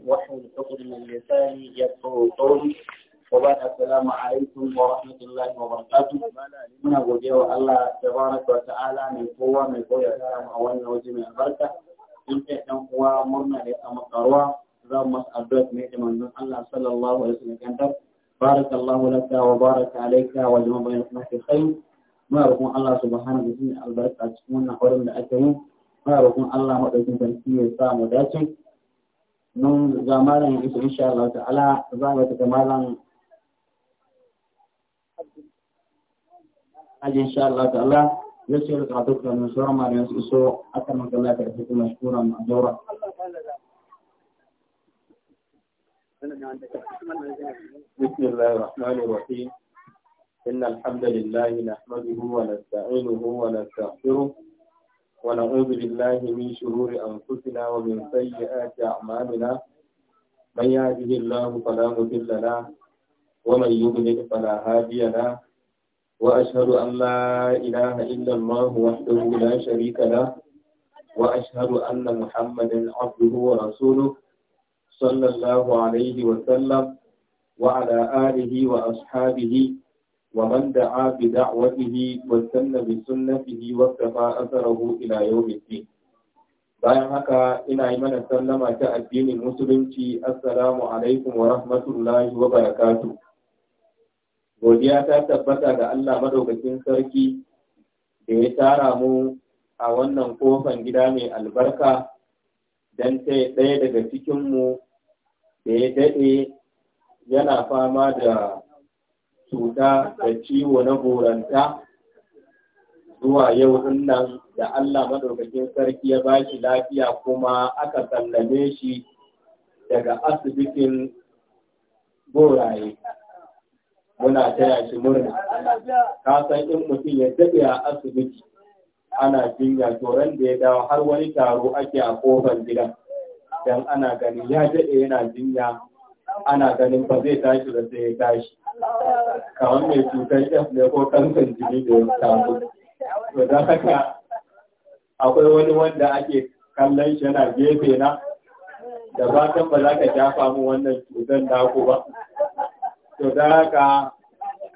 العليم واحمد حكم من لساني يفقه قولي وبعد السلام عليكم ورحمة الله وبركاته من أقول الله تبارك وتعالى من قوة من قوة كرم أولنا وجه من البركة إن تحتم قوة مرنا لسام القروة ذم مسألات ميت من الله صلى الله عليه وسلم بارك الله لك وبارك عليك وجمع بينكم في خير muna roƙon Allah subhanahu wa ta'ala albarka cikin wannan auren da aka yi muna roƙon Allah madaukakin sarki ya sa mu dace Nun riga malam isa insha Allah ta'ala za mu tafi malam aji insha Allah ta'ala Ya da karatu da mun sauran malam su so aka maka ta tafi mashkuran ma'dura بسم الله الرحمن الرحيم إن الحمد لله نحمده ونستعينه ونستغفره ونعوذ بالله من شرور أنفسنا ومن سيئات أعمالنا من يهده الله فلا مضل له ومن يضلل فلا هادي له وأشهد أن لا إله إلا الله وحده لا شريك له وأشهد أن محمدا عبده ورسوله صلى الله عليه وسلم وعلى آله وأصحابه ومن دعا بدعوته واستنى بسنته واكتفى أثره إلى يوم الدين bayan haka ina yi mana sallama ta addinin musulunci assalamu alaikum wa rahmatullahi wa barakatu godiya ta tabbata ga Allah madaukakin sarki da ya tara mu a wannan kofan gida mai albarka don ta ɗaya daga cikinmu da ya daɗe yana fama da cuta da ciwo na goranta zuwa yau nan da Allah maɗaukakin sarki ya ba shi lafiya kuma aka sallame shi daga asibitin goraye. Muna taya shi murna. Ka san in mutum ya daɗe a asibiti ana jinya toron da ya dawo har wani taro ake a kofar gida. Dan ana ganin ya daɗe yana jinya ana ganin ba zai tashi ba sai ya tashi. kamar mai cutar ƙyaf ne ko kankan jini da ya samu to don haka akwai wani wanda ake kallon shi yana gefe na da fatan ba za ka jafa mu wannan cutar ku ba to don haka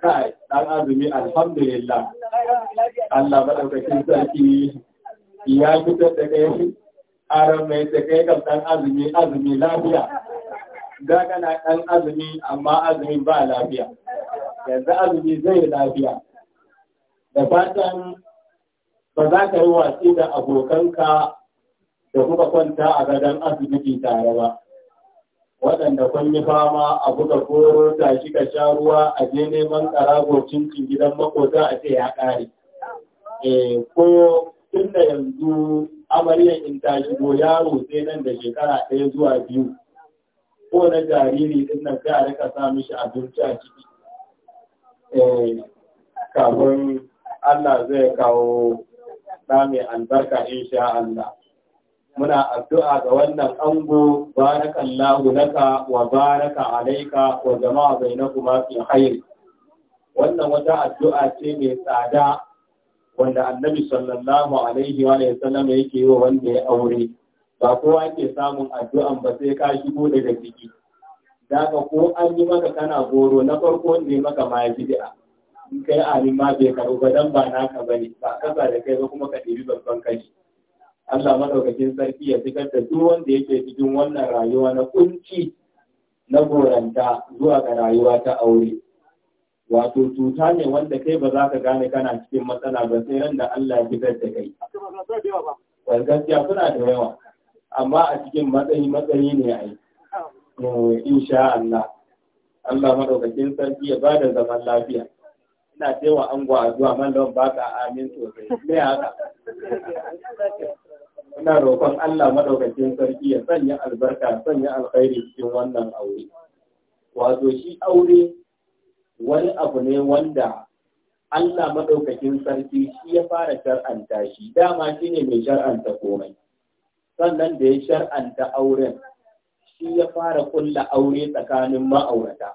kai ɗan azumi alhamdulillah Allah maɗaukakin sarki ya fitar da kai aron mai da kan ɗan azumi azumi lafiya gagana ɗan azumi amma azumin ba lafiya yanzu azumi zai lafiya da fatan ba za ka yi watsi da abokanka da kuka kwanta a gadon asibiti tare ba waɗanda kun yi fama a buga koro ta shi ka sha ruwa a je neman ƙarago gidan makota a ce ya ƙare eh, ko tun da yanzu amaryan in ta shigo yaro sai nan da shekara ɗaya zuwa biyu ko na jariri din nan sai a rika sa mishi abinci a ciki eh, kafin Allah zai kawo ɗa mai albarka insha Allah muna addu'a ga wannan ango barakallahu laka wa baraka alaika wa jama'a bainakuma fi khair wannan wata addu'a ce mai tsada wanda annabi sallallahu alaihi wa sallam yake yi wa wanda ya aure ba kowa ke samun addu'an ba sai ka shigo daga ciki da ka ko an yi maka kana goro na farko ne maka ma ya a? in kai alim ma bai karu ba dan ba naka ne, ba kasa da kai ba kuma ka ɗebi babban kashi Allah madaukakin sarki ya fitar da duk wanda yake cikin wannan rayuwa na kunci na goranta zuwa ga rayuwa ta aure. Wato cuta ne wanda kai ba za ka gane kana cikin matsala ba sai ran da Allah ya fitar da kai. Wani gaskiya suna da yawa. amma a cikin matsayi matsayi ne a yi eh, insha Allah Allah madaukakin sarki ya ba da zaman lafiya ina cewa an gwa zuwa mallan ba ka amin sosai ne haka ina roƙon Allah madaukakin sarki ya sanya albarka sanya alkhairi cikin wannan aure wato shi aure wani abu ne wanda Allah maɗaukakin sarki shi ya fara shar'anta shi dama shine mai shar'anta komai sannan da ya shar'anta auren shi ya fara kulla aure tsakanin ma'aurata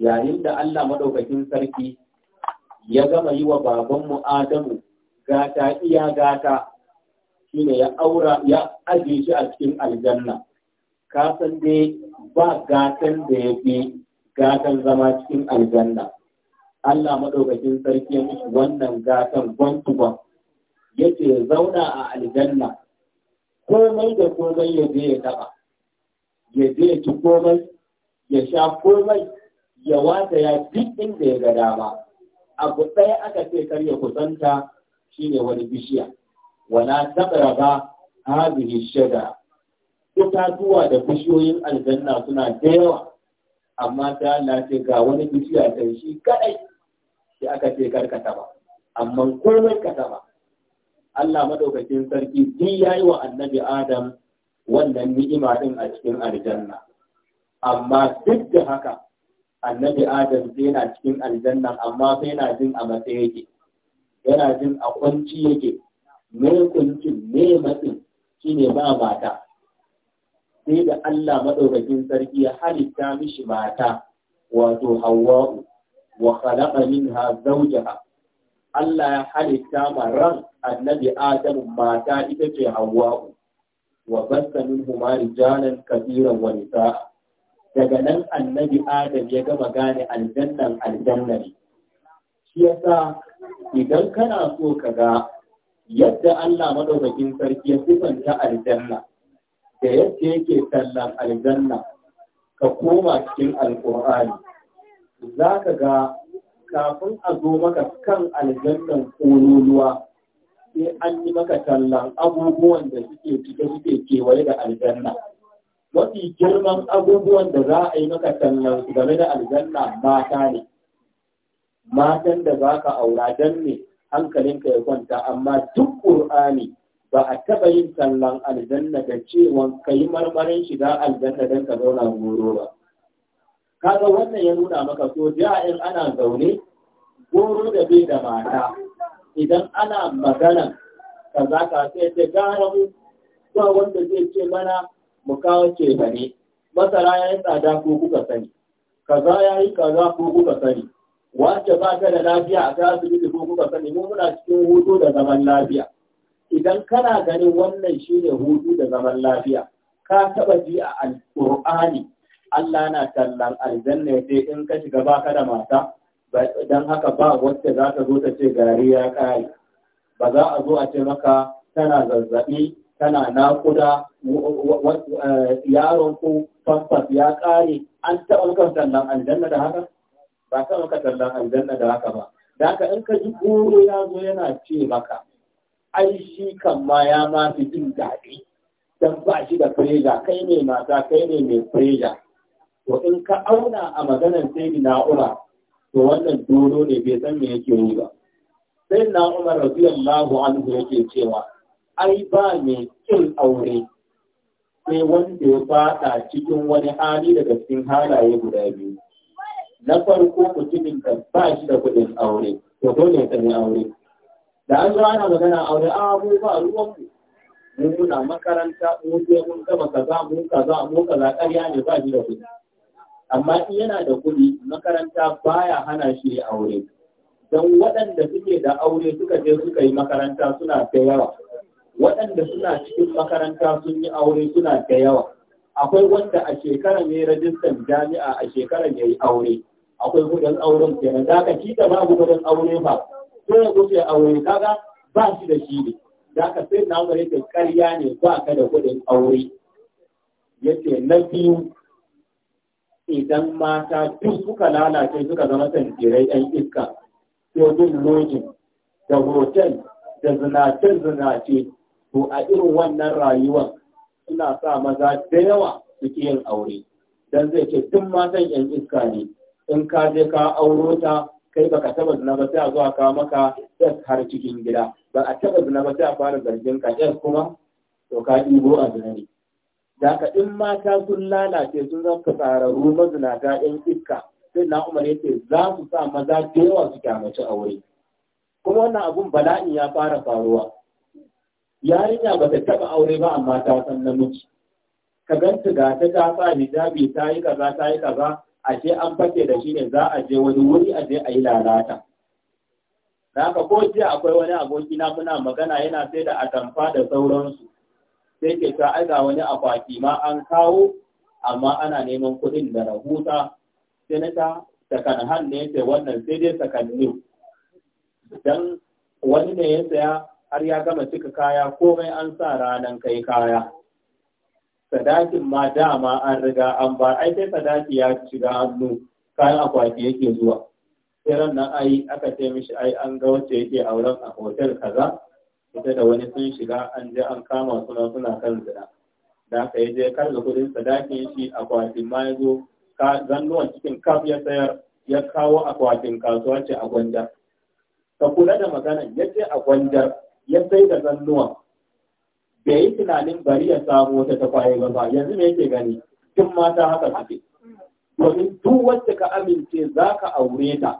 yayin da Allah madaukakin sarki ya gama yi wa babanmu Adamu gata iya gata ne ya aura ya aje shi a cikin aljanna ka san dai ba gatan da ya fi gatan zama cikin aljanna Allah madaukakin sarki ya mishi wannan gatan gwantuban yace zauna a aljanna komai da komai ya je ya taba ya je ya ci komai ya sha komai ya wata ya duk inda ya ga dama abu ɗaya aka ce kar ya kusanta shine wani bishiya wala taqraba hadhihi shada itatuwa da bishiyoyin aljanna suna da yawa amma ta Allah ce ga wani bishiya ta shi kadai sai aka ce kar ka taba amma komai ka taba Allah madaukakin sarki din yayi wa annabi Adam wannan ni'ima din a cikin aljanna amma duk da haka annabi Adam sai yana cikin aljanna amma sai yana jin a matse yake yana jin a kwanci yake me kuncin me matsin shine ba mata sai da Allah madaukakin sarki ya halitta mishi mata wato Hawwa'u wa khalaqa minha zawjaha Allah ya halitta ma ran annabi Adamu mata ita ce Hawwa'u wa basta minhu ma rijalan kabiran wa nisa'a daga nan annabi Adam ya gama gane aljannan aljanna shi yasa idan kana so ka ga yadda Allah madaukakin sarki ya sifanta aljanna da yadda yake sallan aljanna ka koma cikin alkur'ani za ka ga kafin a zo maka kan aljannan kololuwa sai an yi maka tallan abubuwan da suke cike suke kewaye da aljanna mafi girman abubuwan da za a yi maka tallan su game da aljanna mata ne matan da za ka aura don ne hankalinka ya kwanta amma duk ƙur'ani ba a taɓa yin tallan aljanna da cewa ka yi marmarin shiga aljanna don ka zauna goro ba kaga wannan ya nuna maka so ja'in ana zaune goro da bai da mata idan ana magana ka za ka sai ce gara mu ba wanda zai ce mana mu kawo ce ne masara ya yi tsada ko kuka sani kaza ya yi kaza ko kuka sani wace ba ta da lafiya a ta asibiti ko kuka sani mu muna cikin hutu da zaman lafiya idan kana ganin wannan shine hutu da zaman lafiya ka taba ji a Alkur'ani. Allah na tallan aljanna ya sai in ka shiga baka da mata dan haka ba wacce za ta zo ta ce gari ya kare ba za a zo a ce maka tana zazzaɓi tana naƙuda eh, yaron ku fasfas ya kare. an taɓa maka tallan aljanna da haka ba taɓa maka tallan aljanna da haka ba da haka in ka ji goro ya zo yana ce maka ai shi kan ma ya ma fi jin daɗi don ba shi da fireja kai ne mata kai ne mai fireja to in ka auna a maganar sai na na'ura to wannan dolo ne bai san me yake yi ba sai na Umar radiyallahu anhu yake cewa ai ba mai kin aure sai wanda ya fada cikin wani hali daga cikin halaye guda biyu na farko mutumin da ba shi da kuɗin aure to dole ya sani aure da an zo ana magana aure a ah, mu ba ruwan mu mun muna makaranta mun je mun gama kaza mun kaza mun kaza ƙarya ne ba shi da kuɗi amma in yana da kuɗi makaranta baya hana shi aure don waɗanda suke da aure suka je suka yi makaranta suna da yawa waɗanda suna cikin makaranta sun yi aure suna da yawa akwai wanda a shekara ne rajistan jami'a a shekarar ya aure akwai kudin auren kenan za ka ci da babu kudin aure ba, ko ya kusa aure kaga ba shi da shi ne za ka sai na umar karya ne ba ka da kudin aure yace na biyu idan mata duk suka lalace suka zama tanjirai ɗan iska, sojin lojin, da hotel, da zinace-zinace, to a irin wannan rayuwar suna sa maza da yawa suke yin aure. Don zai ce tun matan ‘yan iska ne, in ka je ka auro ta, kai baka taba zina ba sai a zuwa ka maka ‘yas har cikin gida, ba a taba zina ba sai a fara zargin ka ‘yas kuma, to ka ɗibo a zinari da ka in mata sun lalace sun zama tsararru mazinata yan iska sai na umar yace za su sa maza da yawa su kyamaci aure kuma wannan abun bala'in ya fara faruwa yarinya ba ta taba aure ba amma ta san namiji ka ganta ga ta ta sa hijabi ta yi kaza ta yi kaza ashe an fake da shi ne za a je wani wuri a je a yi lalata da ko jiya akwai wani aboki na muna magana yana sai da atamfa da sauransu sai ke ta aika wani akwati ma an kawo amma ana neman kuɗin da rahusa sinata takan hannu ne ce wannan sai dai sakanni dan wani ne ya saya har ya gama cika kaya komai an sa ranar kai kaya sadakin ma dama an riga an ba ai sai sadaki ya shiga hannu kayan akwati yake zuwa sai ran nan ai aka ce mishi ai an ga wacce yake auren a hotel kaza ita da wani sun shiga an je an kama suna suna kan zina da aka yi je karga kudin sadakin shi a ma ya zo cikin kaf ya sayar ya kawo akwatin kasuwa ce a gwanjar ka kula da magana ya ce a gwanjar ya sai da zannuwa? bai yi tunanin bari ya samu wata ta kwaye ba yanzu me yake gani duk mata haka suke domin duk wacce ka amince za ka aure ta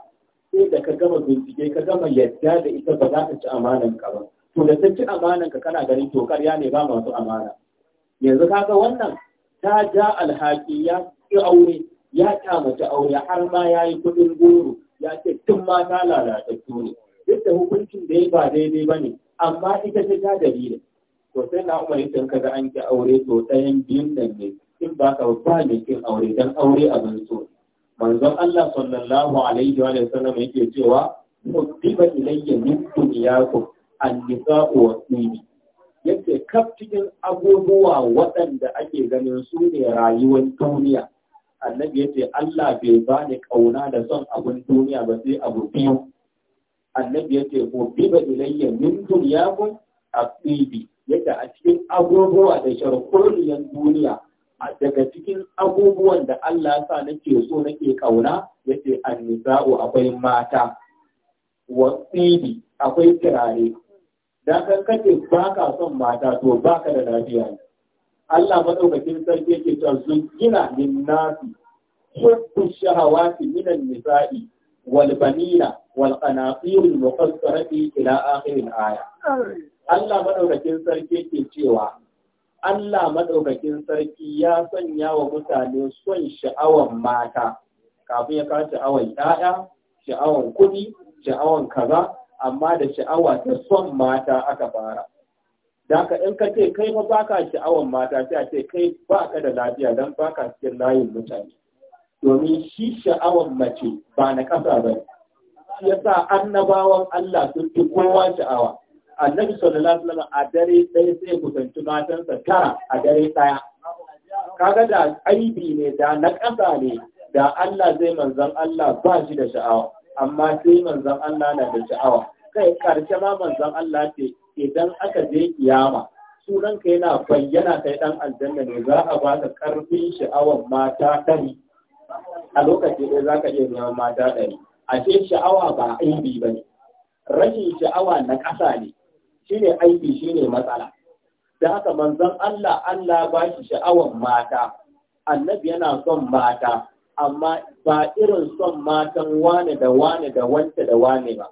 sai da ka gama bincike ka gama yadda da ita ba za ka ci amanan ka ba to da ta ci amanan ka kana ganin to ƙarya ne ba masu amana yanzu ka ga wannan ta ja alhaki ya ki aure ya kyamaci aure har ma ya yi kuɗin goro ya ce tun mata lalata ne duk da hukuncin da ya ba daidai ba ne amma ita ce ta dalilin to sai na umar yadda ka ga an ki aure to ɗayan biyun nan ne in ba ka ba ne kin aure dan aure abin so manzon Allah sallallahu alaihi wa sallam yake cewa hubbiba ilayya min dunyakum al-nisa'u wa tsini yake kaf cikin abubuwa waɗanda ake ganin su ne rayuwar duniya annabi yace Allah bai bani kauna da son abun duniya ba sai abu biyu annabi yace ko biba ilayya min ko asibi yake a cikin abubuwa da sharkuliyan duniya daga cikin abubuwan da Allah sa nake so nake kauna yace annisa'u akwai mata wa akwai kirare dan kan kace ba ka son mata to ba ka da lafiya Allah madaukakin sarki ke cewa sun gina min nasi hubbu shahawati min nisai wal banina wal qanatir al muqassarati ila akhir al-aya Allah madaukakin sarki ke cewa Allah madaukakin sarki ya sanya wa mutane son sha'awar mata kafin ya kawo sha'awan 'ya'ya, sha'awar kuɗi, sha'awar kaza amma da sha'awa ta son mata aka fara da ka in ka ce kai ba ka sha'awan mata sai a ce kai ka da lafiya don ba ka cikin layin mutane domin shi sha'awan mace ba na kasa ba ne. ya sa annabawan Allah sun fi kowa sha'awa annabi sallallahu alaihi a dare ɗaya sai kusanci matansa tara a dare ɗaya kaga da aibi ne da na ƙasa ne da Allah zai manzon Allah ba shi da sha'awa amma sai manzon Allah na da sha'awa kai karshe ma manzon Allah ce idan aka je kiyama ka yana bayyana kai dan aljanna ne za a baka karfin sha'awar mata ɗari a lokaci ɗaya za ka iya neman mata ɗari ce sha'awa ba aibi ba ne rashin sha'awa na ƙasa ne shine aibi shine matsala da haka manzan Allah Allah ba shi sha'awar mata annabi yana son mata amma ba irin son matan wane da wane da wance da wane ba,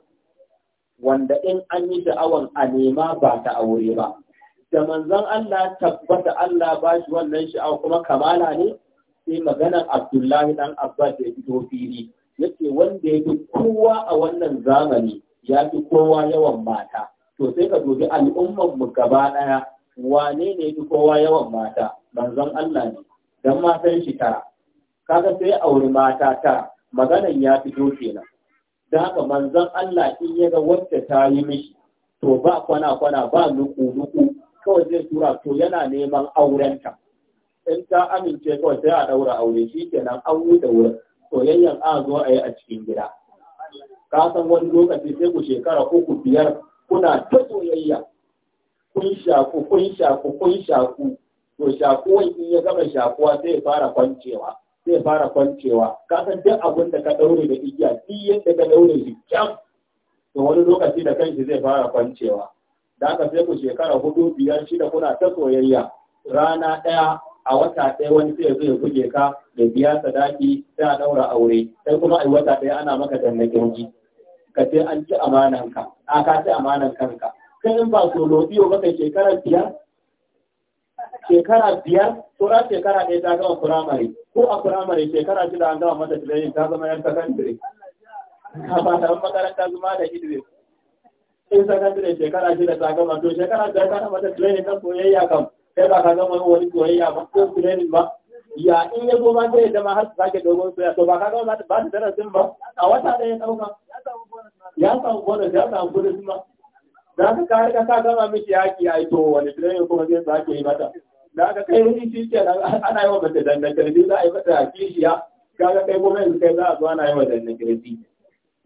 wanda in an yi sha'awan a nema ba ta aure ba. Da manzon Allah tabbata Allah ba shi wannan sha'awa kuma kamala ne, sai maganar Abdullahi ɗan Abbas ya fito fili, yake wanda ya fi kowa a wannan zamani ya fi kowa yawan mata. To sai ka dubi mu gaba ɗaya, wane ne ya fi kowa yawan mata, manzon Allah ne, don matan shi tara. kaga sai auri mata ta maganan ya fito kenan da haka manzon Allah in ya ga wacce ta yi mishi to ba kwana kwana ba nuku nuku kawai zai tura to yana neman aurenta in ta amince kawai sai a daura aure shi kenan an wuce wurin soyayyan a zo a yi a cikin gida ka san wani lokaci sai ku shekara uku biyar kuna ta soyayya kun shaku kun shaku kun shaku to shakuwan in ya gama shakuwa sai fara kwancewa zai fara kwancewa ka san duk abin da ka ɗaure da igiya duk yadda ka ɗaure shi kyan to wani lokaci da kanshi zai fara kwancewa da aka sai ku shekara hudu biyar shida kuna ta soyayya rana ɗaya a wata ɗaya wani sai zai buge ka da biya sadaki sai a ɗaura aure sai kuma a wata ɗaya ana maka danna ji ka ce an ci amananka a ka ci amanan kanka kai in ba so biyo ba kai shekara biyar shekara biyar tura shekara ɗaya ta gama firamare ko a firamare shekara shida an gama mata tilayin ta zama yan sakandire a fatan makaranta zuma da idris in sakandire shekara shida ta gama to shekara shida kana mata tilayin kan soyayya kam sai ba ka zama wani soyayya ba ko tilayin ba ya in ya zo ma zai zama har su sake dogon soya to ba ka gama ba su darasin ba a wata ya ɗauka ya samu bonus ya samu bonus ma za ka ka sa ka gama miki yaki ya yi to wani tilayin kuma zai sake yi mata da aka kai wani shi ke ana yi wa mace da kirji za a yi mata kishiya kaga kai kuma kai za a zo ana yi wa dandan kirji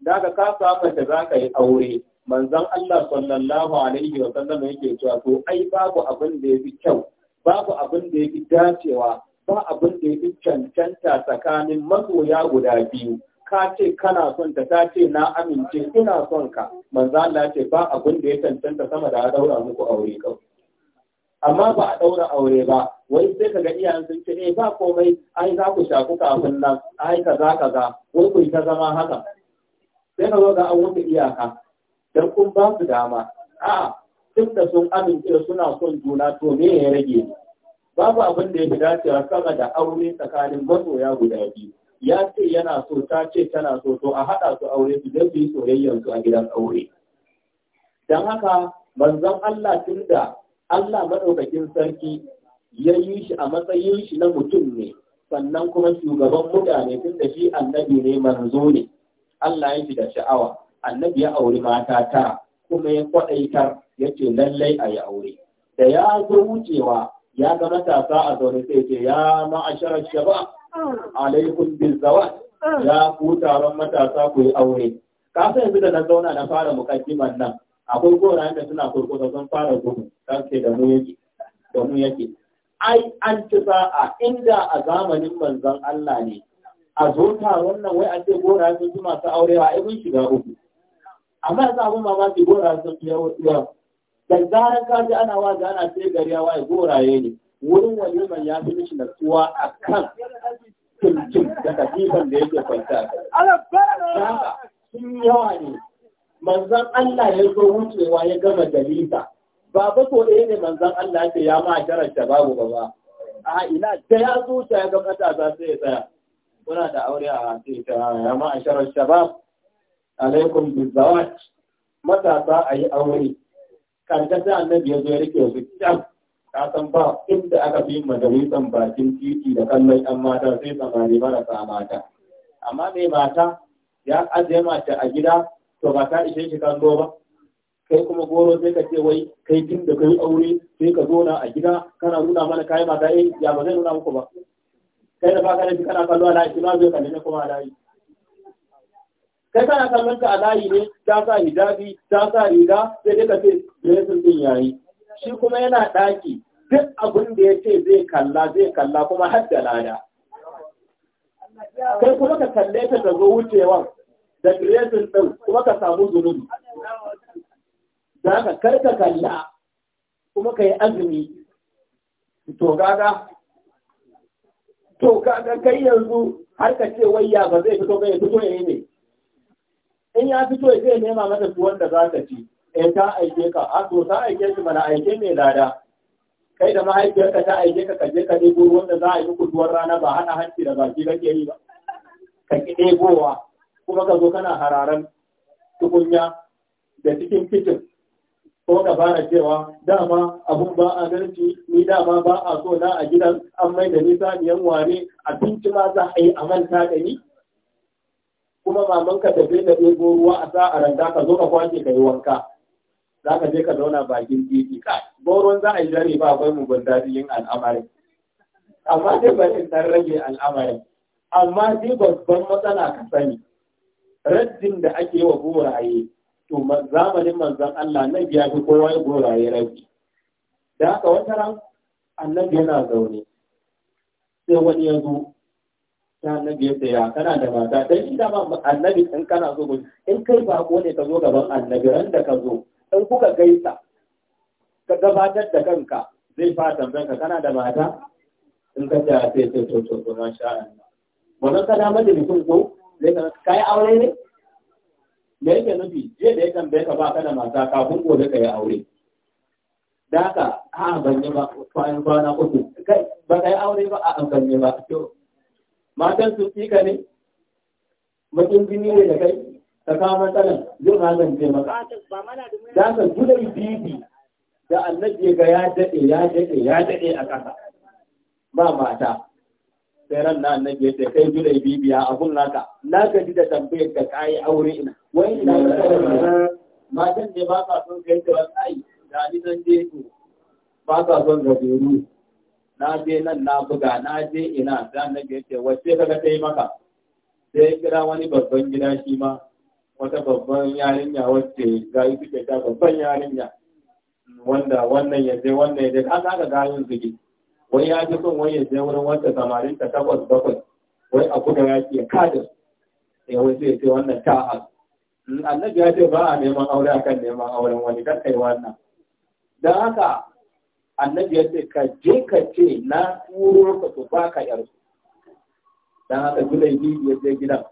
da aka ka mace za ka yi aure manzon Allah sallallahu alaihi wa sallam yake cewa to ai babu abin da yafi kyau babu abin da yafi dacewa ba abin da yafi cancanta tsakanin masoya guda biyu ka ce kana son ta ta ce na amince ina son ka manzo Allah ce ba abin da ya cancanta sama da daura muku aure kawai amma ba a ɗaura aure ba wai sai ka ga iyayen sun ce eh ba komai ai za ku shaku kafin nan ai kaza kaza wai ku ta zama haka sai ka zo ga an wuce iyaka dan kun ba su dama a'a duk da sun amince suna son juna to me ya rage babu abin da ya fi dacewa sama da aure tsakanin masoya guda biyu ya ce yana so ta ce tana so to a haɗa su aure su don su yi soyayyar su a gidan aure Don haka manzon Allah tun da Allah maɗaukakin sarki ya yi shi a matsayin shi na mutum ne sannan kuma shugaban mutane tun da shi annabi ne manzo ne Allah ya shi da sha'awa annabi ya auri mata ta kuma ya kwaɗaitar ya ce lallai a yi aure da ya zo wucewa ya ga matasa a zaune sai ce ya ma'ashara shaba alaikum bil ya ku taron matasa ku yi aure ka yanzu da na zauna na fara mukaddiman nan akwai gorayen da suna kurkusa sun fara gudu don ke da mu yake ai an ci sa'a inda a zamanin manzon Allah ne a zo wannan wai an ce gora sun ji masu aurewa ai mun shiga uku amma yanzu abin mamaki gorayen sun fi yawa da zarar ka ana waje ana ce gari ya waye goraye ne wurin waliman ya fi mishi natsuwa a kan kimkim da katifan da yake kwanta a Sun yawa ne manzan Allah ya zo wucewa ya gama dalita ba ba so ɗaya ne manzan Allah ce ya ma ta babu ba ba a ina ta ya zo ta ya ga za su ya tsaya kuna da aure a ce ta ya ma ta ba alaikum bizawat matasa a yi aure kan ta ta annabi ya zo ya rike su kyan ka san ba inda aka fi majalisan bakin titi da kallon yan mata sai tsamani marasa mata amma mai mata ya ajiye mata a gida to ba ka ishe shi kan ba kai kuma goro sai ka ce wai kai tun da kai aure sai ka zona a gida kana nuna mana kayan mata eh ya ba zai nuna muku ba kai da baka da shi kana kallo a layi shi ma zai kalle ne kuma a layi kai kana kallon ka a layi ne ta sa hijabi ta sa riga sai dai ka ce dressing din yayi shi kuma yana daki duk abun da ya ce zai kalla zai kalla kuma har da lada kai kuma ka kalle ta da zo wucewa da creation ɗin kuma ka samu zunubi za ka karka kalla kuma ka yi azumi to gaga to gaga kai yanzu har ka ce wayya ba zai fito bai fito ya yi ne in ya fito ya zai nema mata su wanda za ka ci in eh, ta aike ka a ah, to ta aike shi mana aike mai lada kai da mahaifiyarka ta aike ka kaje ka ɗebo ruwan da za a yi muku tuwon rana ba hana hanci da baki kake yi ba ka ki ɗebowa kuma ka zo kana hararan tukunya da cikin fitin ko ka fara cewa dama abun ba a garci ni dama ba a so na a gidan an mai da nisa niyan ware abinci ma za a yi a manta da ni kuma maman ka tafi da ɗebo ruwa a sa a randa ka zo ka kwashe ka yi wanka za ka je ka zauna bakin titi kai boron za a yi zare ba akwai mugunta yin al'amarin amma dai bari in rage al'amarin amma dai babban matsala ka sani raddin da ake wa goraye to zamanin manzan Allah na biya fi kowa ya goraye rabbi da haka wata ran annabi yana zaune sai wani ya zo ta annabi ya tsaya kana da mata dan shi dama annabi in kana so in kai ba ko ne ka zo gaban annabi ran da ka zo in kuka gaisa ka gabatar da kanka zai fara tambayar ka kana da mata in ka tsaya sai sai to to to masha Allah wannan kana mace jikin ko ka yi aure ne me yake nufi jiya da yakan tambaye ka ba ka da mata kafin gobe ka yi aure da haka a ban yi ba kwanan kwana uku kai ba ka yi aure ba a ban yi ba to matan su fika ne mutum jini ne da kai ka kawo matsalan zai magance maka da haka gudai bibi da annabi ga ya dade ya dade ya dade a kasa. ba mata sai ran na nan ya ce kai jure bibiya a naka na gaji da tambayar ka yi aure ina wai ina matan ne ba ka son kai ta wallahi da ni nan je to ba ka son gajeru na je nan na buga na je ina da annabi ya ce wace kaga ta yi maka sai kira wani babban gida shi ma wata babban yarinya wacce yi suke ta babban yarinya wanda wannan ya je wannan ya je haka ga yin zuge. wani ya ji son wani ya je wurin wanda samarin ta takwas bakwai wai a buga eh, ya ce kada sai wai sai sai wannan ta hal annabi ya ce ba a neman aure akan neman auren wani kan kai wannan dan haka annabi ya ce ka je ka ce na turo ka to baka yar dan haka Julaibi ya je gidan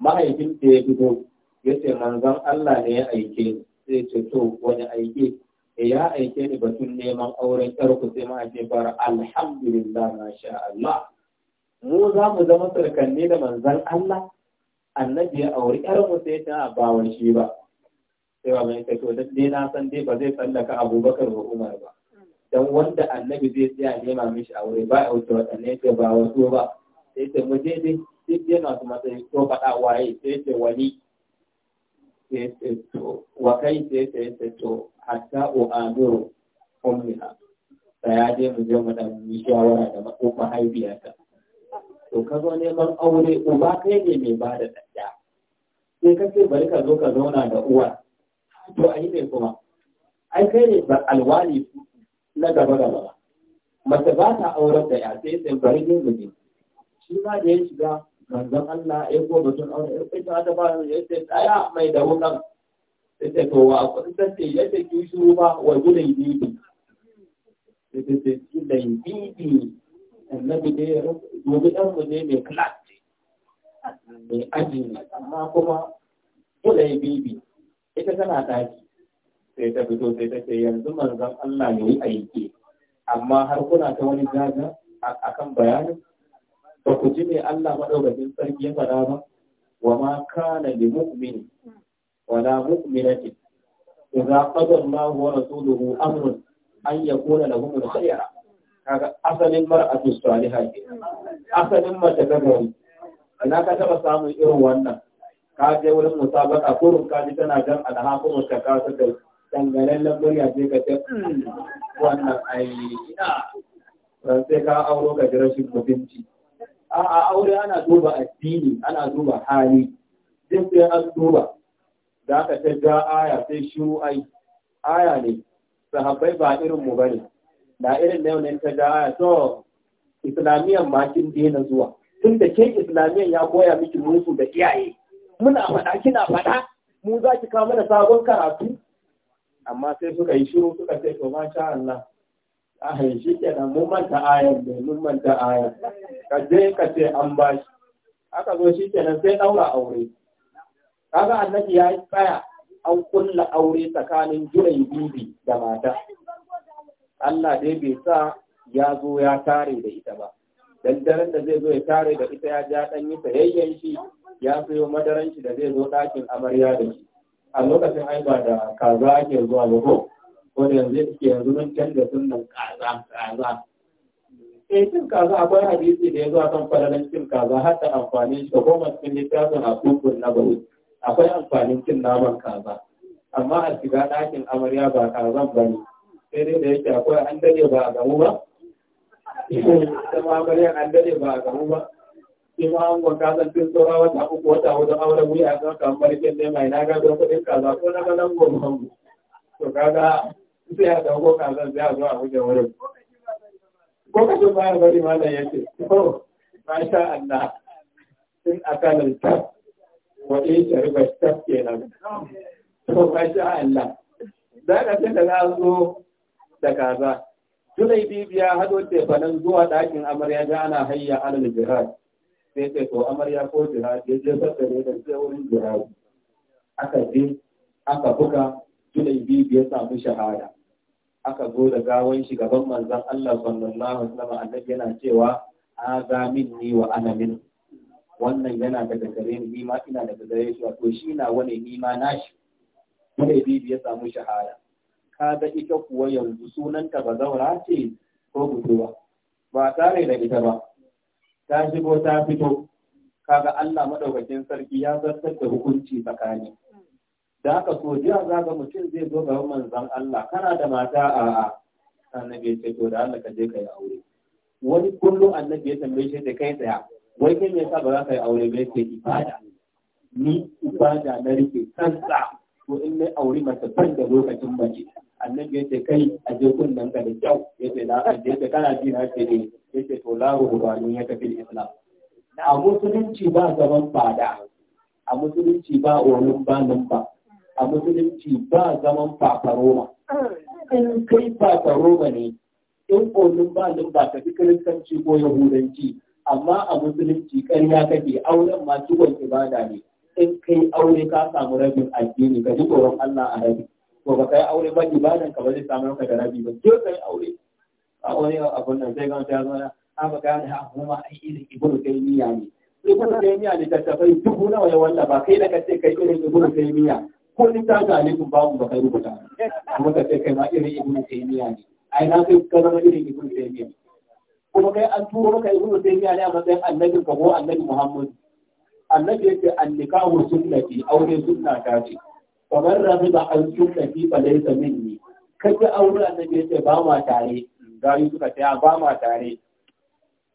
mahaifin da ya fito ya ce manzon Allah ne ya aike sai ce to wani aike Eh, ya aike ni batun neman auren ƙarku sai ma ake fara alhamdulillah masha Allah mu za mu zama sarkanni da manzan Allah annabi ya auri ƙarku sai ta abawar shi ba sai ba mai kato da dai na san dai ba zai tsallaka Abubakar ba Umar ba dan wanda annabi zai tsaya nema mishi aure ba ya wuce waɗannan ya ba wasu ba sai ta mu je dai duk dai masu matsayi ko faɗa waye sai ta wani wa kai sai sai to hatta u'amiru ummiha da ya je mu je mu dan yi shawara da makofa haibiyarta to ka zo neman aure uba kai ne mai ba da dadda sai ka ce bari ka zo ka zauna da uwa to a yi ne kuma ai kai ne ba alwali na gaba gaba ba mace ba ta aurar da ya sai sai bari ne mu shi ma da ya shiga manzon Allah ya ko batun aure ya ta ba ya ce daya mai da wukan sai ta towa a kudin tace yadda ki ba wa gudun bibi sai ta ce gudun bibi annabi dai gobe dan mu ne mai class mai aji ne amma kuma gudun bibi ita tana daki sai ta fito sai ta ce yanzu manzan Allah ne aiki amma har kuna ta wani gaga akan bayanin ba ku ji me Allah madaukakin sarki ya faɗa ba wa ma kana li mu'min ولا مؤمنة إذا قضى الله ورسوله أمر أن يكون لهم الخير kaga asalin mar'atu salihah ke asalin mace ta gari ina ka taba samun irin wannan ka je wurin musabaka ko ka tana dan alhaku mace ka su da dangalen lamuriya wannan ai ina sai ka auro ka ji rashin mutunci a'a aure ana duba addini ana duba hali duk sai an duba da aka ta ga aya sai shiru ai aya ne sahabbai ba irin mu bane da irin da ne ta ga aya to islamiyan ma kin daina zuwa tun da ke islamiyan ya koya miki musu da iyaye muna faɗa kina faɗa mu za ki kawo mana sabon karatu amma sai suka yi shiru suka ce to masha Allah a shi kenan mun manta ayar da mun manta ayar ka je ka ce an bashi aka zo shi kenan sai ɗaura aure kaga annabi ya tsaya an kulla aure tsakanin jiran bibi da mata Allah dai bai sa ya zo ya tare da ita ba dan daren da zai zo ya tare da ita ya ja dan yi sayayyen shi ya sayo madaran shi da zai zo dakin amarya da shi a lokacin ai ba da kaza ake zuwa ba ko ko da yanzu ke yanzu mun canza sunan kaza kaza eh cin kaza akwai hadisi da ya zo akan falalan cin kaza har da amfani shi da kuma cikin littafin a kukun na bauchi akwai amfanin cin naman kaza amma a shiga ɗakin amarya ba kazan ba ne sai dai da yake akwai an dade ba a gamu ba kuma amaryar an dade ba a gamu ba shi ma an gwa kazan tsora wata uku wata hudu auren wuya a kan kan barkin ne mai na gado kuɗin kaza ko na ganan goma mu to kaga sai a dauko kazan sai a zo a wuce wurin ko kashin bayar bari ma malam yake to oh, sha Allah sun akalar tab waɗe ta riba ke nan. To, Allah, za ka ce da zo da kaza. Julai bibiya hado tefanin zuwa ɗakin amarya ga ana hayya alal jihad. Sai ce to amarya ko jihad ya je sassare da sai wurin jihad. Aka je, aka buga, julai bibiya samu shahada. Aka zo da gawan shi gaban manzon Allah sallallahu alaihi wasallam annabi yana cewa azamin ni wa ana minhu. wannan yana daga gare ni nima ina daga gare shi wato shi na wani nima nashi wani bibi ya samu shahara kaga ita kuwa yanzu sunanta ba zaura ce ko gudowa ba tare da ita ba ta shigo ta fito kaga Allah madaukakin sarki ya zartar da hukunci tsakani da haka so jiya za ga mutum zai zo ga manzan Allah kana da mata a annabi ya ce to da Allah ka je ka yi aure wani kullum annabi ya tambaye shi da kai tsaya wai kai me yasa ba za ka yi aure mai yake ibada ni ibada na rike kansa ko in na aure mace ban da lokacin mace annabi ce kai a je kunnan ka da kyau Ya ce na a je kana ji na ce ne eh. yace to la rubani ya tafi islam a musulunci ba zaman fada a musulunci ba wani ba nan ba a musulunci ba zaman fafaroma in kai fafaroma ne in onin ba nan ba tafi kiristanci ko yahudanci amma a musulunci ƙarya kake auren ma kiwon ibada ne in kai aure ka samu rabin addini ka ji tsoron Allah a rabi to ba kai aure ba ibadan ka ba zai samu ka da rabi ba ke kai aure a wani abun nan sai gan ta zo na ha ba kai ha kuma ai irin ibnu taymiya ne ibnu taymiya ne tattafai duhu nawa ya wanda ba kai da ka ce kai irin ibnu taymiya ko ni ta ga alaikum babu ba kai rubuta kuma ka ce kai ma irin ibnu taymiya ne ai na kai ka irin ibnu taymiya kuma kai an turo maka ibnu taymiya ne a matsayin annabin ka ko annabi Muhammadu. annabi yake annikahu sunnati aure sunna ta ce fa man rabiba an sunnati fa laysa minni kaje aure annabi yake ba ma tare gayu suka ce ba ma tare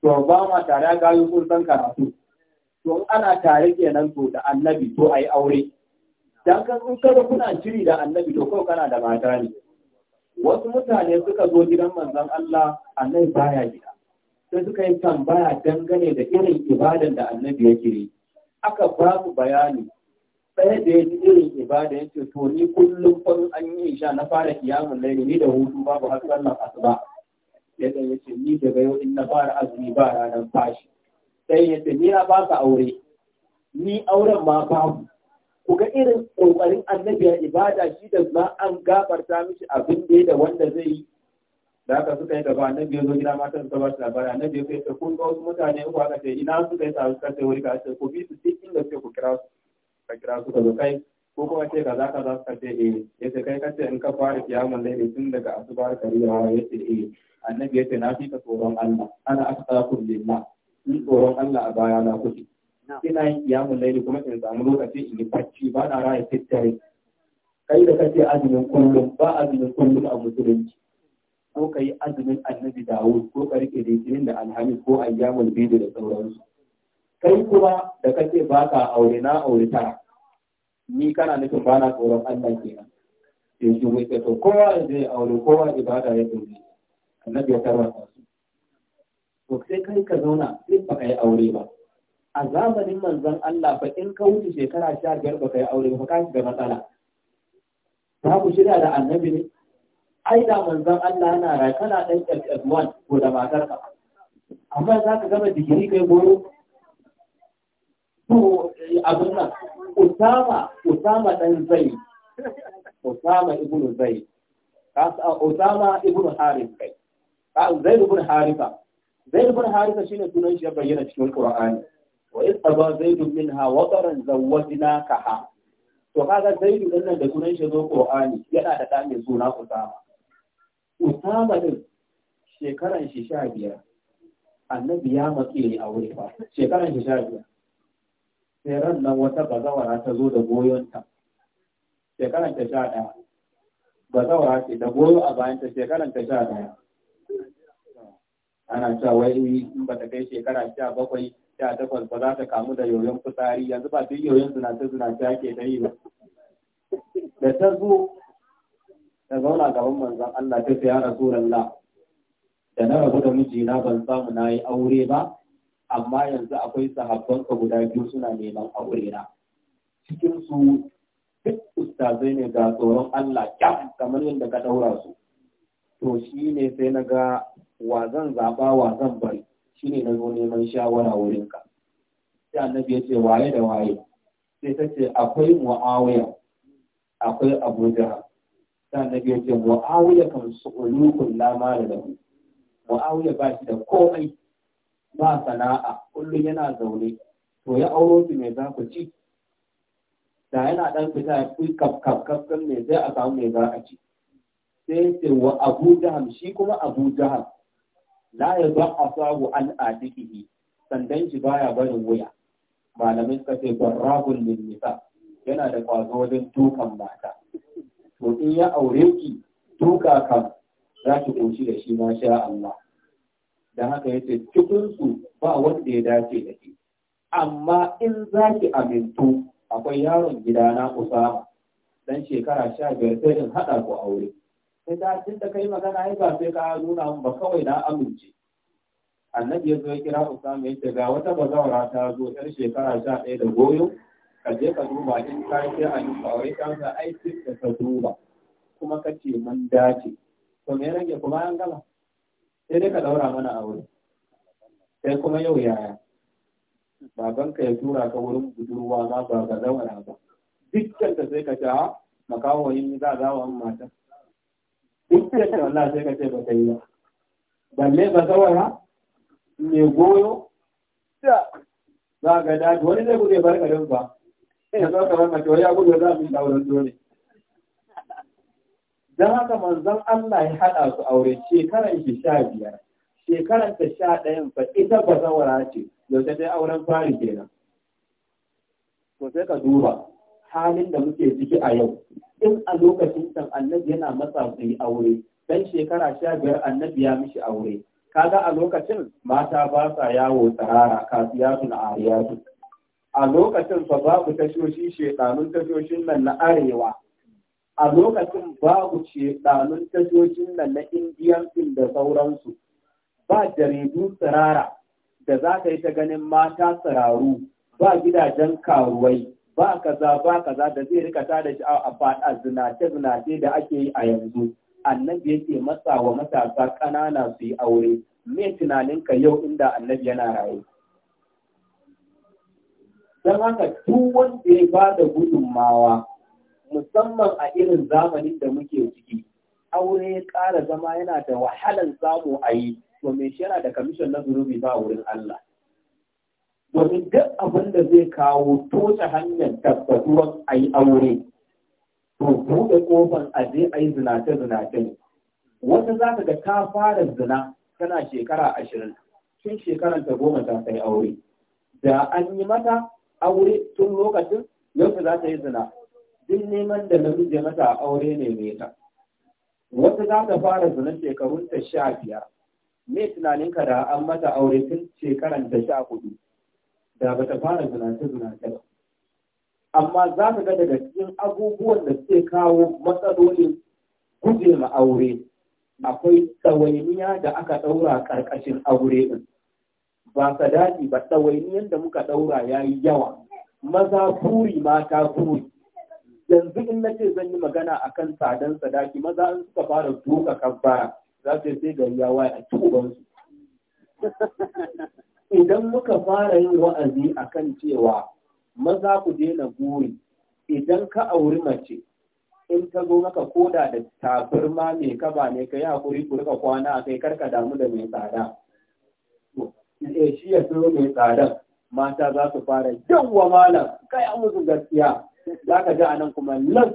to ba ma tare gayu kun san karatu to ana tare kenan to da annabi to ai aure dan kan in kada kuna shiri da annabi to kawai kana da mata ne wasu mutane suka zo gidan manzon Allah annabi baya gida sai suka yi tambaya dangane da irin ibadan da annabi ya kiri, aka ba mu bayani ɗaya da ya ji irin ibada ya ce to ni kullum farin an yi isha na fara kiyamun laili ni da hutu babu har sallar asuba ya dan ya ni daga yau in na fara azumi ba ranar fashi sai ya ce ni na ba ka aure ni auren ma babu ku ga irin ƙoƙarin annabi ibada shi da za an gafarta mishi abin da da wanda zai yi da aka suka yi gaba annabi ya zo gida matan suka ba shi labari annabi ya ce kun ga wasu mutane uku aka ce ina suka yi taro suka ce wuri ka ce ku bi su duk da suke ku kira su ka kira su ka zo kai ko kuma ce kaza kaza suka ce eh ya ce kai ka ce in ka fara kiyamun laili tun daga asubar kariya ya ce eh annabi ya ce na fi ka tsoron Allah ana astaghfir ma in tsoron Allah a baya na kuɗi ina yin kiyamun laili kuma in samu lokaci in yi bacci ba na raya tattare kai da kace azumin kullum ba azumin kullum a musulunci ko ka yi azumin annabi dawud ko ka rike litinin da alhamis ko ayyamul bidu da sauransu kai kuma da kake ba ka aure na aure ta ni kana nufin ba na tsoron allah kenan sai shi wuce to kowa zai aure kowa ibada ya dole annabi ya tarwata su to sai kai ka zauna sai ba ka yi aure ba a zamanin manzon Allah fa in ka wuce shekara sha biyar ba ka yi aure ba ka shiga matsala ku shirya da annabi ne ai da manzon Allah yana rai kana dan SS1 ko da matarka amma za ka gama digiri kai goro to eh, abin nan Usama Usama dan Zai Usama ibn kasa Usama ibn Harith kai Zaid ibn Haritha Zaid ibn Haritha shine sunan shi ya bayyana cikin Qur'ani wa iz qada Zaid minha wataran ha to kaga Zaid din nan da sunan shi zo Qur'ani yana da dan suna Usama Usama shekaran shi sha biyar, annabi ya matsi ne a wuri ba, shekaran shi sha biyar. Sai ran nan wata bazawara ta zo da goyonta, shekaran ta sha ɗaya. Bazawara ce da goyo a bayanta shekaran ta sha ɗaya. Ana cewa wai in ba ta kai shekara sha bakwai sha takwas ba za ta kamu da yoyon fitsari yanzu ba duk yoyon zinace zinace ake ta yi ba. Da ta zo ta zauna gaban manzon Allah ta ce ya Rasulullah da na rabu da mijina ban samu na yi aure ba amma yanzu akwai sahabban ka guda biyu suna neman aure na cikin su duk ustazai ne ga tsoron Allah kyam kamar yadda ka ɗaura su to shi ne sai na ga wa zan zaɓa wa zan bari shi ne na zo neman shawara wurinka sai annabi ya ce waye da waye sai ta ce akwai mu'awiya akwai abu jahal sai wa'awu ya ce mu'awiya kan su'ulukun lama da dahu. mu'awiya ba shi da komai ba sana'a kullum yana zaune to ya auro su mai za ku ci da yana dan fita ya fi kaf me zai a samu me za a ci sai ce wa Abu shi kuma Abu Jahal la ya a sabu an adikihi sandan shi baya barin wuya Malamin suka ce barrabun yana da kwazo wajen dukan mata to in ya aure ki duka ka za ki koshi da shi ma sha Allah dan haka yace cikin su ba wanda ya dace da ke amma in za ki amintu akwai yaron gida na Usama dan shekara sha biyar sai in haɗa ku aure sai ta tun da kai magana ai ba sai ka nuna mun ba kawai na amince annabi ya zo ya kira Usama ya ce ga wata bazawara ta zo yar shekara sha ɗaya da goyo ka je ka duba in ka ce a yi kawai kan ga aikin da ka duba kuma ka ce mun dace to me rage kuma an gama sai dai ka daura mana aure sai kuma yau yaya babanka ya tura ka wurin budurwa ma ba ka zauna ba dukkan ta sai ka ce a ah, makawo yin za a zawo mata dukkan ta wallahi sai ka ce ba ka yi ba balle ba zawara Me goyo za ga daji wani zai guje barka don ba ya ka kyau ya gudu don haka manzon Allah ya haɗa su aure shekaran shi sha biyar shekaran ta sha ɗayan fa ita ba zawara ce yau dai auren fari kenan to sai ka duba halin da muke ciki a yau in a lokacin can annabi yana matsa su yi aure dan shekara sha biyar annabi ya mishi aure kaga a lokacin mata ba sa yawo tsirara kasiyatun ariyatu a lokacin fa babu tashoshi shekarun tashoshin nan na arewa a lokacin babu shekarun tashoshin nan na indiyan fil da sauransu ba jaridu tsirara da za ka yi ta ganin mata tsiraru ba gidajen karuwai ba kaza ba kaza da zai rika tada shi a faɗa zinace zinace da ake yi a yanzu annabi yake matsawa matasa ƙanana su yi aure me tunaninka yau inda annabi yana rayu. don haka duk wanda ya ba da gudunmawa musamman a irin zamanin da muke ciki aure ya ƙara zama yana da wahalan samu a yi to me shi yana da kamishin na zunubi ba wurin Allah domin duk abin da zai kawo toshe hanyar tabbatuwar a yi aure to buɗe kofar a je a yi zinace zinace wata za ka ga ta fara zina tana shekara ashirin tun shekarar ta goma ta sai aure da an yi mata aure tun lokacin yau za ta yi zina duk neman da namiji mata aure ne mai ta wata za ta fara zina shekarun ta sha biyar me tunanin ka da an mata aure tun shekaran ta sha hudu da ba ta fara zinace zinace ba amma za ka ga daga cikin abubuwan da suke kawo matsalolin guje ma aure akwai tsawaniya da aka ɗaura ƙarƙashin aure ɗin ba sadaki ba ɗawainiyar da muka ɗaura ya yi yawa maza buri mata buri yanzu in na ce zan yi magana a kan tsadan sadaki maza an suka fara duka kabbara za su sai gari ya waye a su idan muka fara yin wa'azi a kan cewa maza ku daina buri idan ka auri mace in ta zo maka koda da tafirma mai kaba ne ka yi haƙuri ku rika kwana a kai karka damu da mai tsada eh shi ya siyo mai tsadan mata za su fara wa malam kai an musu gaskiya za ka ji a nan kuma lan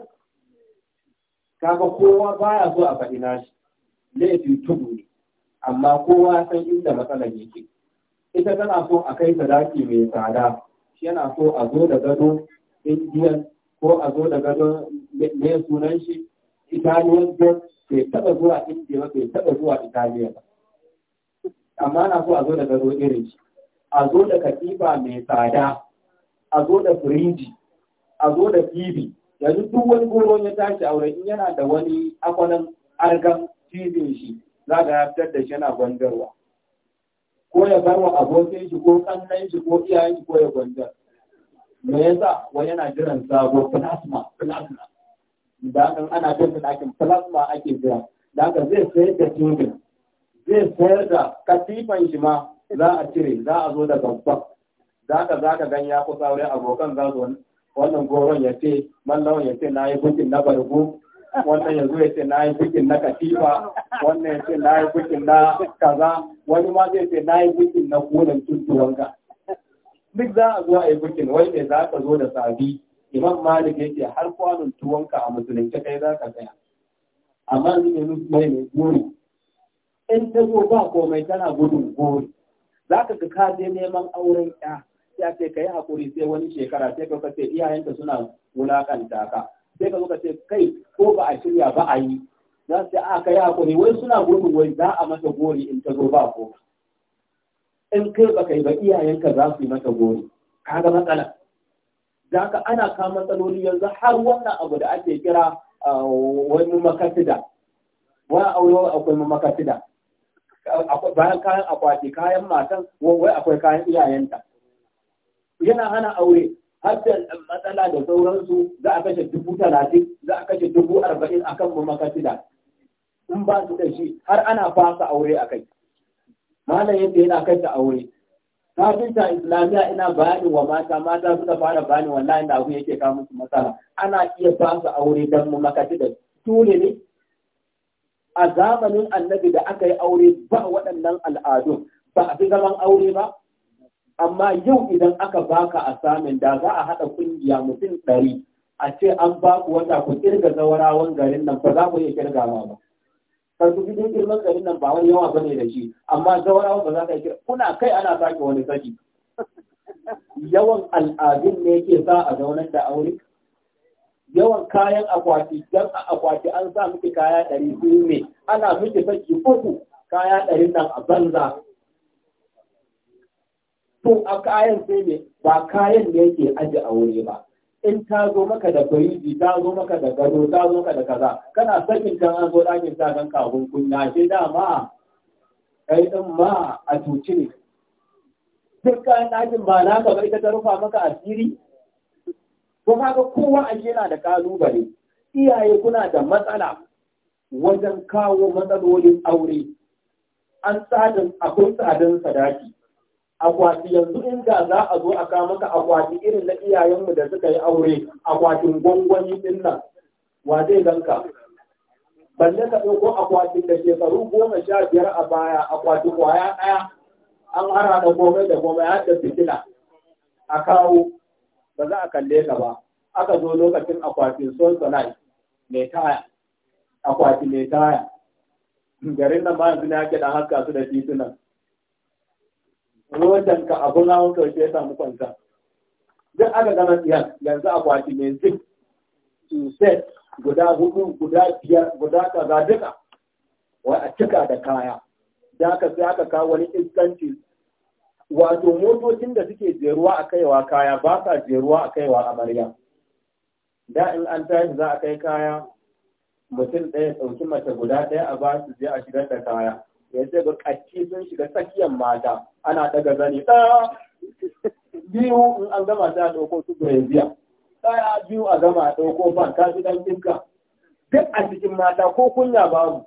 kaga kowa baya so a faɗi nashi laifi tudu ne amma kowa san inda matsalar yake ita tana so a kai sadaki mai tsada shi yana so a zo da gado indiyan ko a zo da gado mai sunan shi italiyan bai taɓa zuwa indiya ba bai taɓa zuwa italiya ba amma na so a zo da gado irin shi a zo da katifa mai tsada a zo da firiji a zo da fibi yanzu duk wani goro ya tashi aure in yana da wani akwalan argan fibin shi za ga ya fitar da shi yana gwandarwa ko ya bar wa abokin shi ko kannan shi ko iyayen shi ko ya gwandar me yasa wani yana jiran sabo plasma plasma da ana bin ɗakin plasma ake jira da ka zai sayar da tubin zai sayar da katifan shi ma za a cire za a zo da babban za ka za ka ganya kusa wurin abokan za su wannan goron ya ce mallawan ya ce na yi bukin na bargu wannan ya ya ce na yi bukin na katifa wannan ya ce na yi bukin na kaza wani ma zai ce na yi bukin na gonan tuntuwanka duk za a zo a yi bukin wai ne za ka zo da sabi imam malik ya ce har kwanon tuwanka a musulunci kai za ka tsaya amma ne mai gori in ta zo ba komai tana gudun gori za ka ga ka je neman auren ya ya ce ka yi haƙuri sai wani shekara sai ka kace iyayenta suna wulaƙanta ka sai ka zo ka ce kai ko ba a shirya ba a yi za su a ka yi haƙuri wai suna gudun wai za a mata gori in ta zo ba komai in kai ba kai ba iyayenka za su yi mata gori Ka ga matsala da ka ana kama matsaloli yanzu har wannan abu da ake kira ah, wani makasida wani aure akwai makasida bayan kayan akwati kayan matan wai akwai kayan iyayenta yana hana aure har da matsala da sauransu za a kashe dubu talatin za a kashe dubu arba'in a kan makasida in ba su da shi har ana fasa aure a kai malam yadda yana kai ta aure kafinta islamiyya ina bayani wa mata mata suka fara bani, wallahi da abu yake kawo musu matsala ana iya fasa aure don makasida tule ne a zamanin annabi da aka yi aure ba waɗannan al'adun ba a fi zaman aure ba amma yau idan aka baka a samun da za a haɗa kungiya mutum ɗari a ce an ba ku wata ku kirga zawarawan garin nan ba za ku iya kirga ba ba. su gidan girman garin nan ba wani yawa ba ne da shi amma zawarawan ba za ka yi kirga kuna kai ana sake wani saki yawan al'adun ne yake sa a zaunar da aure yawan kayan akwati don a akwati an sa miki kaya ɗari biyu ne ana miki saki uku kaya ɗari nan a banza to a kayan sai ne ba kayan da yake aji a wuri ba in ta zo maka da firiji ta zo maka da gado ta zo maka da kaza kana sakin kan an zo ɗakin ta kan kafin kunya shi dama kai ɗin ma a cuci ne duk kayan ɗakin ba ka ba ita ta rufa maka asiri ko kaga kowa a yana da kalubale iyaye kuna da matsala wajen kawo matsalolin aure an tsadin akwai tsadin sadaki akwati yanzu in inda za a zo a kama maka akwati irin na iyayenmu da suka yi aure akwatin gwangwani din nan wa zai ganka balle ka ɗauko akwatin da shekaru goma sha biyar a baya akwatin kwaya ɗaya an hara da komai da komai har da fitila a kawo ba za a kalle ka ba aka zo lokacin akwatin sonsolai mai taya akwati mai taya garin nan ba yanzu ne ake dan haska su da titunan rodan ka abun hawan karshe ya samu kwanta duk aka gana tsiyar yanzu akwati mai zip set guda hudu guda biyar guda kaza duka wai a cika da kaya da aka sai aka kawo wani iskanci wato motocin da suke jeruwa a kaiwa kaya ba sa jeruwa a kaiwa amarya da in an tashi za a kai kaya mutum ɗaya ɗauki mace guda ɗaya a ba su je a shigar da kaya ce ga kacci sun shiga tsakiyar mata ana daga zani ɗaya ah! biyu in an gama ta a ɗauko su biya ɗaya biyu a gama a ɗauko ba ka fi ɗan iska duk a cikin mata ko kunya babu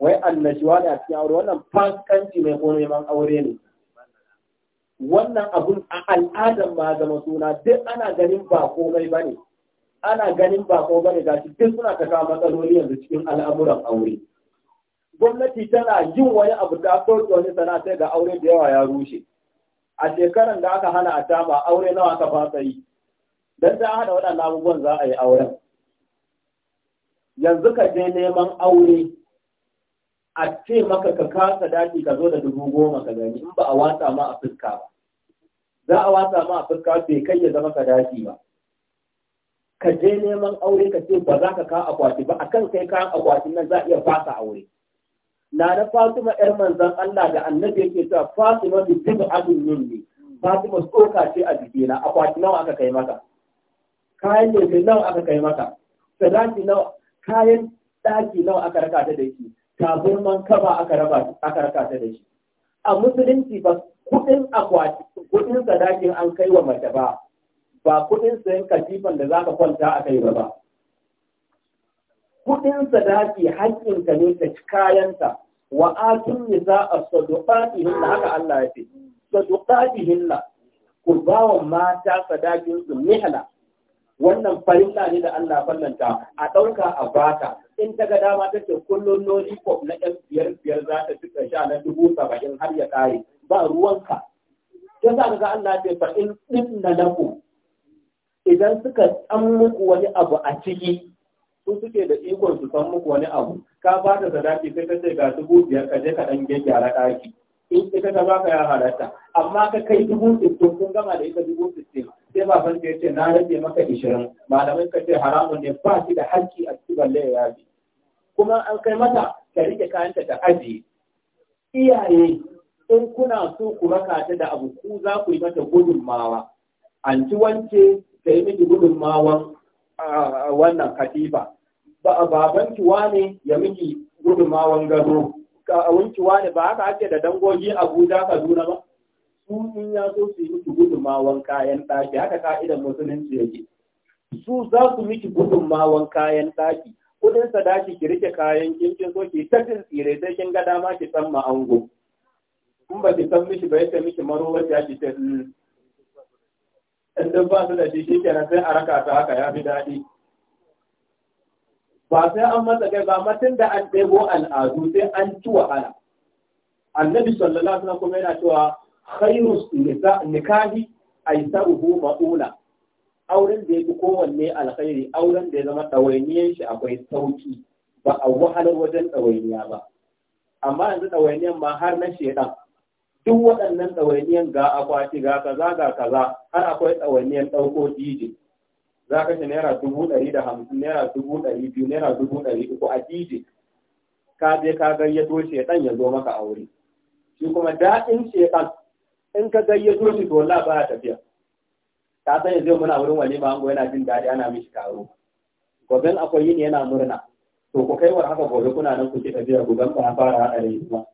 wai annashuwa da cikin aure wannan fasikanci mai ko neman aure ne wannan abun a al'adar ma zama suna duk ana ganin ba komai ba ne ana ganin ba komai ba ne gashi duk suna ta matsaloli yanzu cikin al'amuran aure gwamnati tana yin wani abu ta ɗauki wani sana sai ga aure da yawa ya rushe a shekaran da aka hana a taba aure nawa aka fasa yi don ta hada waɗannan abubuwan za a yi auren yanzu ka je neman aure a ce maka ka kasa daji ka zo da dubu goma ka gani in ba a watsa ma a fuska ba za a watsa ma a fuska bai kai ya zama ka daji ba ka je neman aure ka ce ba za ka kawo akwati ba akan kai kayan akwatin nan za a iya fasa aure na da Fatima ‘yar manzan Allah da annabi yake cewa Fatima bi jibu abin yin ne, Fatima tsoka ce a jikina, akwati nawa aka kai maka, kayan lefe nawa aka kai maka, sadaki nawa, kayan ɗaki nawa aka raka ta da shi, kaburman kaba aka raba aka raka ta da shi a musulunci ba kudin akwati kudin sadakin an kai wa mace ba ba kudin sayan katifan da zaka kwanta a kai ba ba kudin sadaki haƙƙin ka ne ta ta wa atun nisa as-sadaqatihin da haka Allah ya ce sadaqatihin ku bawa mata sadakin su mihla wannan farilla ne da Allah fallanta a ɗauka a bata in ta ga dama ta ce kullum lollipop na ƴan biyar biyar za ta cika sha na dubu saba'in har ya ƙare ba ruwanka ta sa ga Allah ce fa in ɗin na lafu idan suka san muku wani abu a ciki su suke da ikon su san muku wani abu ka ba da sadaki sai ka ce ga dubu biyar ka je ka ɗan gyara ɗaki in ita ta baka ya halarta. amma ka kai dubu sittin kun gama da ita dubu sittin babban da ce na rage maka ishirin, malamai ka ce haramun ne ba shi da haƙƙi a cikin balle ya yaji kuma an kai mata ka rike kayanta ta aji. iyaye in kuna so ku raka ta da abu ku za ku yi mata gudunmawa an ci wance ta yi miki gudunmawan ah, wannan katifa ba a ki wane ya miki gudunmawan gado ka wanki wane ba haka ake da dangogi Abuja Kaduna ba su in ya zo su yi miki gudunmawan kayan ɗaki haka ka'idan musulunci yake su za su miki gudunmawan kayan ɗaki kudin sadaki ki rike kayan kin so ki ta cin tsire sai kin ga dama ki san ma'ango kun ba ki san miki ba yake miki maro marowar ya ki ce hmm, in duk ba su da shi shikenan sai a raka ta haka ya fi daɗi ba sai an matsa kai ba matin da an ɗebo al'adu sai an ci wahala annabi sallallahu alaihi wasallam kuma yana cewa khairu nikahi aisaruhu ma'ula auren da yake kowanne alkhairi auren da ya zama ɗawainiyan shi akwai sauki ba a wahalar wajen ɗawainiya ba amma yanzu ɗawainiyan ma har na shedan duk waɗannan ɗawainiyan ga akwati ga kaza ga kaza har akwai ɗawainiyan ɗauko dj za ka shi naira dubu ɗari da hamsin naira dubu ɗari biyu naira dubu ɗari uku a dj ka je ka gayyato shedan ya zo maka aure shi kuma daɗin shedan in ka gayyato shi to wallahi baya tafiya ta san yanzu muna wurin walima ango yana jin daɗi ana mishi taro Gobe akwai yini yana murna to ku kai war haka gobe kuna nan ku kuke tafiya goben ba fara haɗa rai kuma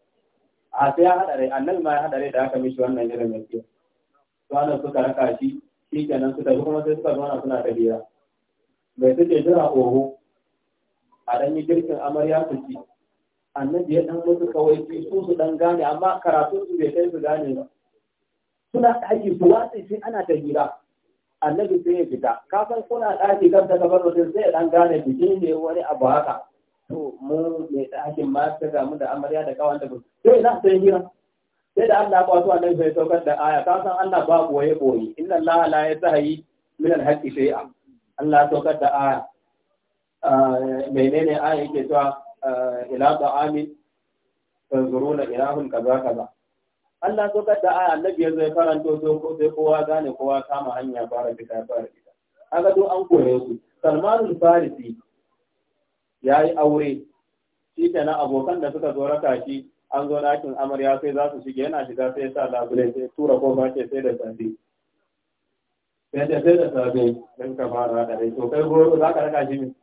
a sai ya haɗa rai annan ma ya haɗa rai da aka mishi wannan irin yanzu to anan suka raka shi shi kenan su tafi kuma sai suka zauna suna tafiya bai suke jira oho a ɗan yi girkin amarya su ci annabi ya ɗan musu kawai su su ɗan gane amma karatun su bai kai su gane ba suna ɗaki su watsi sai ana ta hira annabi sai ya fita kafin kuna ɗaki kan ta gabar wajen sai ɗan gane biki ne wani abu haka to mu mai ɗakin ma ta gamu da amarya da kawan da sai na ta hira sai da Allah su annabi sai saukar da aya ka san Allah ba boye boye inna Allah la yasahi min al-haqqi shay'a Allah saukar da aya ah, menene aya yake cewa ah, ila amin tanzuruna ilahun kaza kaza Allah saukar da a annabi ya zai karanto ko sai kowa gane kowa kama hanya fara fita fara fita aga do an koye su Salmanul Farisi yayi aure shi na abokan da suka zo raka shi an zo ɗakin amarya sai za su shige yana shiga sai sa labule sai tura ko ba sai da safe sai da sai da safe don ka fara da dai to kai goro za ka raka shi ne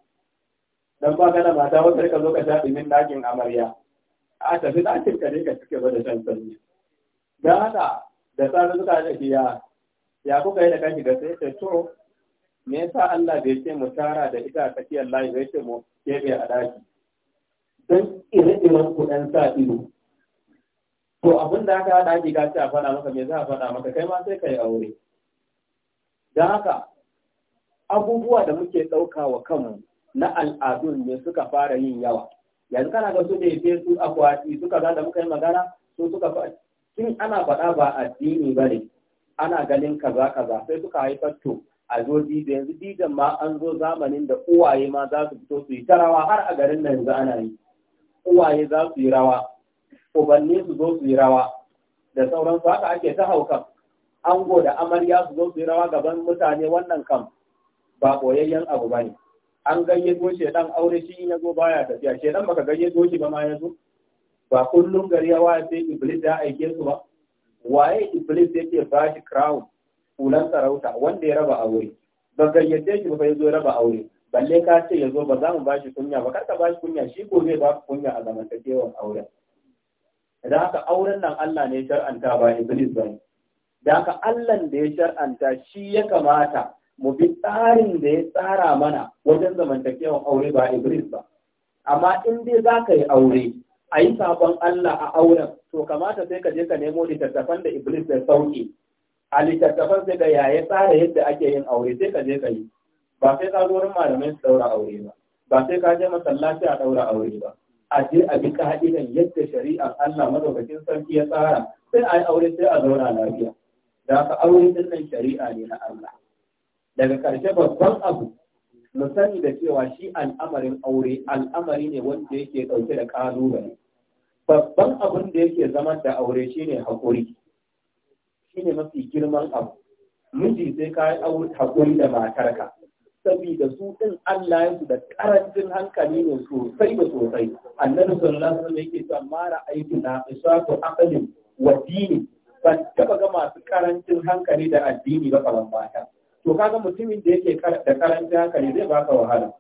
dan ba ka da mata wata ka zo ka sha min ɗakin amarya a tafi ɗakin ka ne ka cike ba da shan sanyi Da haka da tsarin suka da ya ya kuka yi da kanki da sai ce to me yasa Allah bai ce mu tara da ita a tsakiyar layi bai ce mu kebe a daki don ire-iren kuɗin sa ido to abin da aka haɗa ki gaci a faɗa maka me za a faɗa maka kai ma sai ka yi aure Da haka abubuwa da muke ɗauka wa kanmu na al'adun ne suka fara yin yawa yanzu kana ga su da ya su akwati suka ga da muka yi magana su suka in ana faɗa ba addini ba ne ana ganin kaza kaza sai suka haifar to a zo dida yanzu didan ma an zo zamanin da uwaye ma za su fito su yi ta rawa har a garin nan yanzu ana yi uwaye za su yi rawa ubanni su zo su yi rawa da sauransu haka ake ta haukan ango da amarya su zo su yi rawa gaban mutane wannan kam ba ɓoyayyen abu ba ne an gayyato shi aure shi in ya zo baya tafiya shedan baka gayyato shi ba ma ya zo ba kullum gari ya waye sai iblis ya aike su ba waye iblis yake ba shi crown kulan sarauta wanda ya raba aure ba gayyace shi ba ya zo ya raba aure balle ka ce ya zo ba za mu ba shi kunya ba karka ba shi kunya shi ko zai ba kunya a zamantakewar auren da haka auren nan Allah ne shar'anta ba iblis ba da haka Allah da ya shar'anta shi ya kamata mu bi tsarin da ya tsara mana wajen zamantakewar aure ba iblis ba amma in dai za ka yi aure a yi sabon Allah a auren to kamata sai ka je ka nemo littattafan da Iblis da sauƙi. a littattafan sai ga yaya tsara yadda ake yin aure sai ka je ka yi ba sai ka malamai su daura aure ba ba sai ka je masallaci a daura aure ba a je a bi ka'idan yadda shari'ar Allah madaukakin sarki ya tsara sai a yi aure sai a zauna lafiya da ka aure ɗin shari'a ne na Allah daga ƙarshe babban abu mu sani da cewa shi al'amarin aure al'amari ne wanda yake ɗauke da ƙalubale babban abin da yake zama da aure shine haƙuri shine mafi girman abu miji sai ka yi haƙuri da matarka saboda su ɗin Allah yansu da karancin hankali ne sosai da sosai annabi sallallahu alaihi wasallam yake cewa mara aiki na isatu akalin wa dini ban taɓa ga masu karancin hankali da addini ba kamar mata to kaga mutumin da yake da karancin hankali zai baka wahala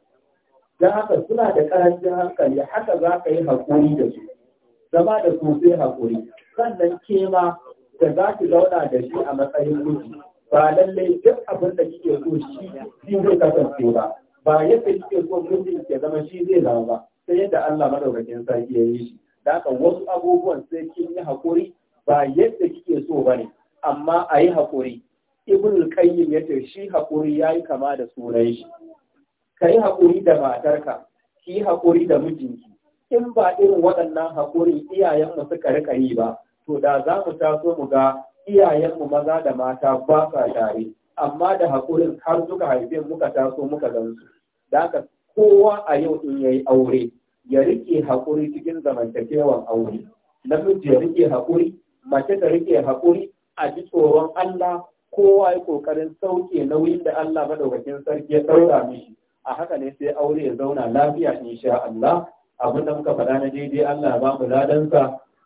dan haka suna da karancin hankali haka za ka yi hakuri da su zama da su sai hakuri. sannan ke ma da za ki zauna da shi a matsayin miji ba lallai duk abin da kike so shi shi zai kasance ba ba yadda kike so mijin ke zama shi zai zama ba sai yadda Allah madaukakin sarki ya yi shi da haka wasu abubuwan sai kin yi hakuri? ba yadda kike so bane amma a yi hakuri. ibn qayyim yace shi hakuri yayi kama da sunan shi kai hakuri da matarka ki hakuri da mijinki in ba irin waɗannan hakuri iyayenmu suka rika yi ba to da za mu taso mu ga iyayenmu maza da mata ba sa tare amma da hakurin har suka haife muka taso muka gansu da haka kowa a yau in yayi aure ya rike hakuri cikin zamantakewar aure namiji ya rike hakuri mace ta rike hakuri a ji tsoron Allah kowa ya kokarin sauke nauyin da Allah madaukakin sarki ya sauka mishi a haka ne sai aure ya zauna lafiya insha Allah abin da muka faɗa na daidai Allah ba mu ladansa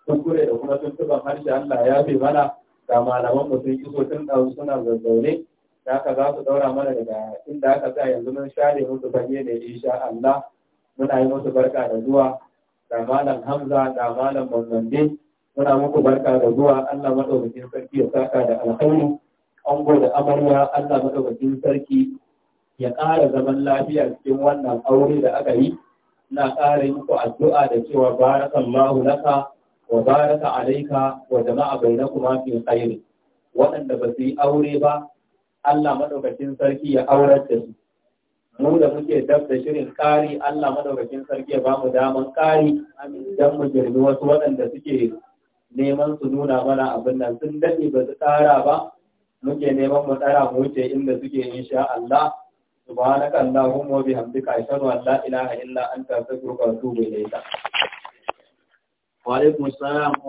kuskure da kuma tuntuban harshe Allah ya fi mana ga malaman mu sun iso tun ɗaru suna zazzaune da haka za su ɗaura mana daga inda aka sa yanzu mun share musu fage da insha Allah muna yi musu barka da zuwa da malam Hamza da malam Bambande muna muku barka da zuwa Allah madaukakin sarki ya saka da alkhairi ango da amarya Allah madaukakin sarki ya ƙara zaman lafiya cikin wannan aure da aka yi na ƙara yi ku addu'a da cewa barakallahu laka wa baraka alaika wa jama'a bainakuma fi khair waɗanda ba su yi aure ba Allah madaukakin sarki ya aurar da su mu da muke dab da shirin kari Allah madaukakin sarki ya ba mu daman kari dan mu girmi wasu waɗanda suke neman su nuna mana abin nan sun daɗe ba su ƙara ba muke neman mu tsara mu wuce inda suke insha Allah subhanaka allahumma wa bihamdika ashhadu an la ilaha illa anta astaghfiruka wa atubu ilayk wa alaikum assalam